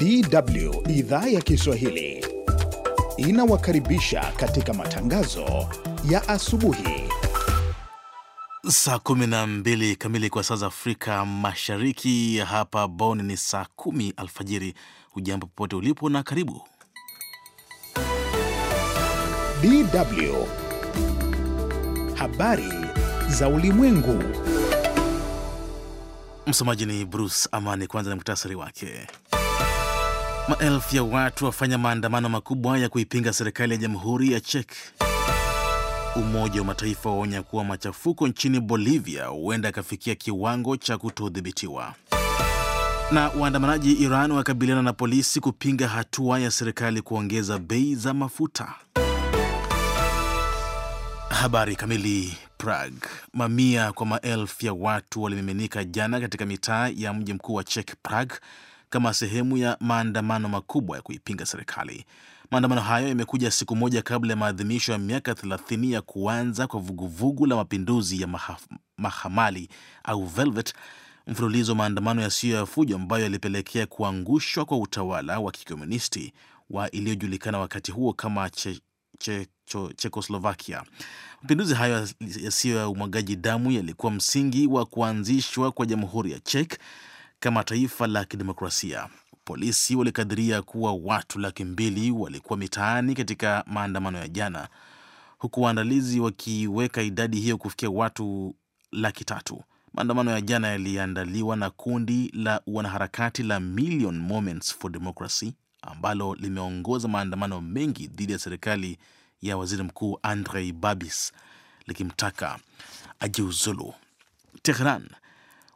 DW idhaa ya Kiswahili inawakaribisha katika matangazo ya asubuhi saa 12 kamili kwa saa za Afrika Mashariki. Hapa bon ni saa 1 alfajiri. Hujambo popote ulipo na karibu. DW habari za ulimwengu. Msomaji ni Bruce Amani. Kwanza ni muhtasari wake. Maelfu ya watu wafanya maandamano makubwa ya kuipinga serikali ya Jamhuri ya Czech. Umoja wa Mataifa waonya kuwa machafuko nchini Bolivia huenda akafikia kiwango cha kutodhibitiwa. Na waandamanaji Iran wakabiliana na polisi kupinga hatua ya serikali kuongeza bei za mafuta. Habari kamili. Prague. Mamia kwa maelfu ya watu walimiminika jana katika mitaa ya mji mkuu wa Czech Prague kama sehemu ya maandamano makubwa ya kuipinga serikali. Maandamano hayo yamekuja siku moja kabla ya maadhimisho ya miaka 30 ya kuanza kwa vuguvugu la mapinduzi ya maha, mahamali au Velvet, mfululizo wa maandamano yasiyo ya fujo ambayo yalipelekea kuangushwa kwa utawala wa kikomunisti wa iliyojulikana wakati huo kama che, che, cho, Chekoslovakia. Mapinduzi hayo yasiyo ya umwagaji damu yalikuwa msingi wa kuanzishwa kwa jamhuri ya Czech kama taifa la kidemokrasia. Polisi walikadiria kuwa watu laki mbili walikuwa mitaani katika maandamano ya jana, huku waandalizi wakiweka idadi hiyo kufikia watu laki tatu. Maandamano ya jana yaliandaliwa na kundi la wanaharakati la Million Moments for Democracy ambalo limeongoza maandamano mengi dhidi ya serikali ya waziri mkuu Andrei Babis likimtaka ajiuzulu. Tehran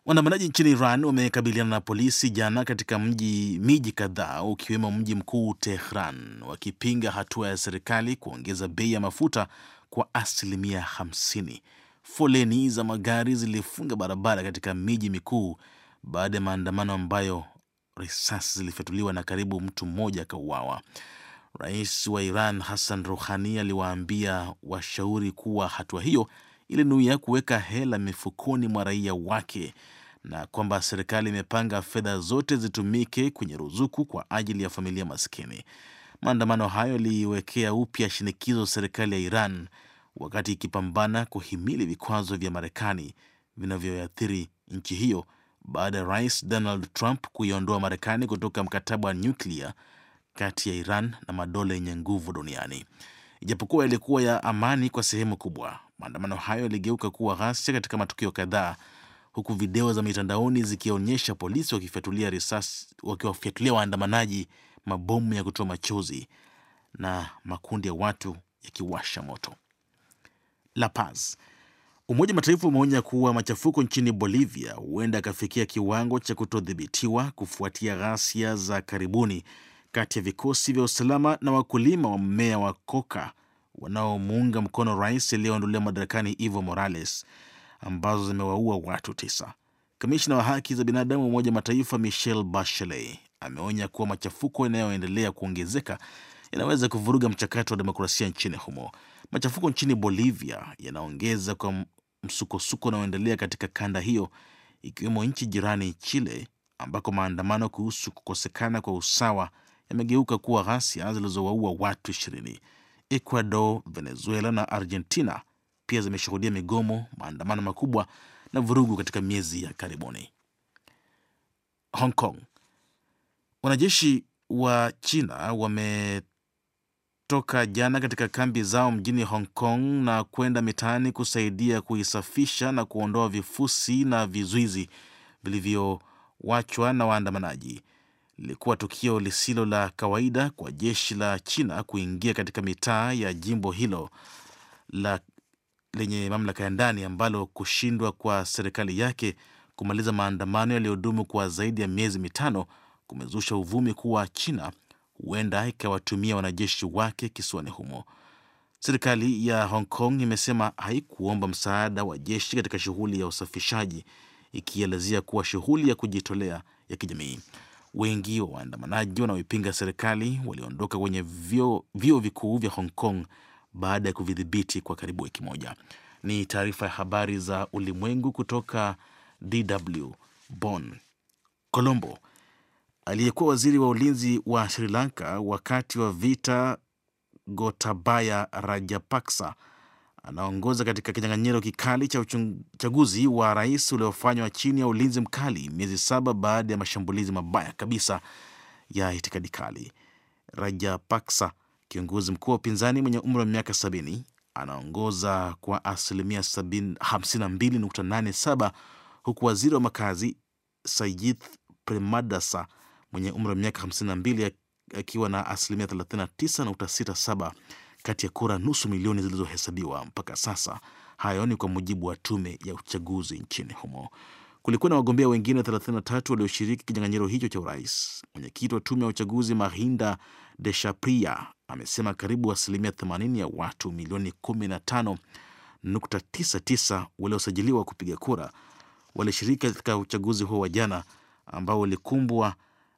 Waandamanaji nchini Iran wamekabiliana na polisi jana katika mji miji kadhaa ukiwemo mji mkuu Tehran, wakipinga hatua ya serikali kuongeza bei ya mafuta kwa asilimia 50. Foleni za magari zilifunga barabara katika miji mikuu baada ya maandamano ambayo risasi zilifyatuliwa na karibu mtu mmoja akauawa. Rais wa Iran Hassan Rouhani aliwaambia washauri kuwa hatua hiyo ili kuweka hela mifukoni mwa raia wake na kwamba serikali imepanga fedha zote zitumike kwenye ruzuku kwa ajili ya familia maskini. Maandamano hayo yaliiwekea upya shinikizo serikali ya Iran wakati ikipambana kuhimili vikwazo vya Marekani vinavyoathiri nchi hiyo baada ya Rais Donald Trump kuiondoa Marekani kutoka mkataba wa nyuklia kati ya Iran na madola yenye nguvu duniani. Ijapokuwa yalikuwa ya amani kwa sehemu kubwa, Maandamano hayo yaligeuka kuwa ghasia katika matukio kadhaa, huku video za mitandaoni zikionyesha polisi wakifyatulia risasi, wakiwafyatulia waandamanaji mabomu ya kutoa machozi na makundi ya watu yakiwasha moto. La Paz. Umoja wa Mataifa umeonya kuwa machafuko nchini Bolivia huenda akafikia kiwango cha kutodhibitiwa kufuatia ghasia za karibuni kati ya vikosi vya usalama na wakulima wa mmea wa koka wanaomuunga mkono rais aliyeondolewa madarakani Evo Morales, ambazo zimewaua watu tisa. Kamishna wa haki za binadamu wa Umoja wa Mataifa Michelle Bachelet ameonya kuwa machafuko yanayoendelea kuongezeka yanaweza kuvuruga mchakato wa demokrasia nchini humo. Machafuko nchini Bolivia yanaongeza kwa msukosuko unaoendelea katika kanda hiyo, ikiwemo nchi jirani Chile, ambako maandamano kuhusu kukosekana kwa usawa yamegeuka kuwa ghasia zilizowaua watu ishirini. Ecuador, Venezuela na Argentina pia zimeshuhudia migomo, maandamano makubwa na vurugu katika miezi ya karibuni. Hong Kong, wanajeshi wa China wametoka jana katika kambi zao mjini Hong Kong na kwenda mitaani kusaidia kuisafisha na kuondoa vifusi na vizuizi vilivyowachwa na waandamanaji lilikuwa tukio lisilo la kawaida kwa jeshi la China kuingia katika mitaa ya jimbo hilo la lenye mamlaka ya ndani ambalo kushindwa kwa serikali yake kumaliza maandamano yaliyodumu kwa zaidi ya miezi mitano kumezusha uvumi kuwa China huenda ikawatumia wanajeshi wake kisiwani humo. Serikali ya Hong Kong imesema haikuomba msaada wa jeshi katika shughuli ya usafishaji, ikielezea kuwa shughuli ya kujitolea ya kijamii. Wengi wa waandamanaji wanaoipinga serikali waliondoka kwenye vyuo vikuu vya Hong Kong baada ya kuvidhibiti kwa karibu wiki moja. Ni taarifa ya habari za ulimwengu kutoka DW Bonn. Colombo, aliyekuwa waziri wa ulinzi wa Sri Lanka wakati wa vita Gotabaya Rajapaksa anaongoza katika kinyang'anyiro kikali cha uchaguzi wa rais uliofanywa chini ya ulinzi mkali miezi saba baada ya mashambulizi mabaya kabisa ya itikadi kali. Rajapaksa, kiongozi mkuu wa upinzani mwenye umri wa miaka sabini, anaongoza kwa asilimia 52.87 huku waziri wa makazi Sajith Premadasa mwenye umri wa miaka 52 akiwa na asilimia 39.67 kati ya kura nusu milioni zilizohesabiwa mpaka sasa. Hayo ni kwa mujibu wa tume ya uchaguzi nchini humo. Kulikuwa na wagombea wengine 33 walioshiriki kinyang'anyiro hicho cha urais. Mwenyekiti wa tume ya uchaguzi Mahinda Deshapria amesema karibu asilimia 80 ya watu milioni 15.99 waliosajiliwa kupiga kura walishiriki katika uchaguzi huo wa jana ambao ulikumbwa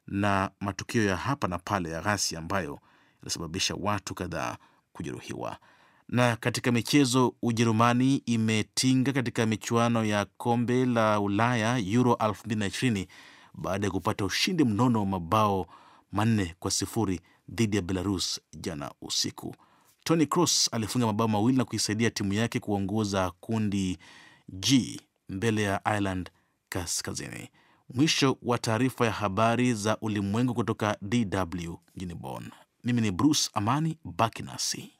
na matukio ya hapa na pale ya ghasia ambayo ilisababisha watu kadhaa kujeruhiwa. Na katika michezo, Ujerumani imetinga katika michuano ya kombe la Ulaya Euro 2020 baada ya kupata ushindi mnono wa mabao manne kwa sifuri dhidi ya Belarus jana usiku. Tony Kroos alifunga mabao mawili na kuisaidia timu yake kuongoza kundi G mbele ya Ireland Kaskazini. Mwisho wa taarifa ya habari za ulimwengu kutoka DW mjini Bonn. Mimi ni Bruce Amani, baki nasi.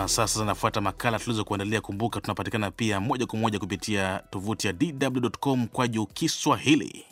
Na sasa zinafuata makala tulizokuandalia. Kumbuka tunapatikana pia moja kwa moja kupitia tovuti ya dw.com kwa juu Kiswahili.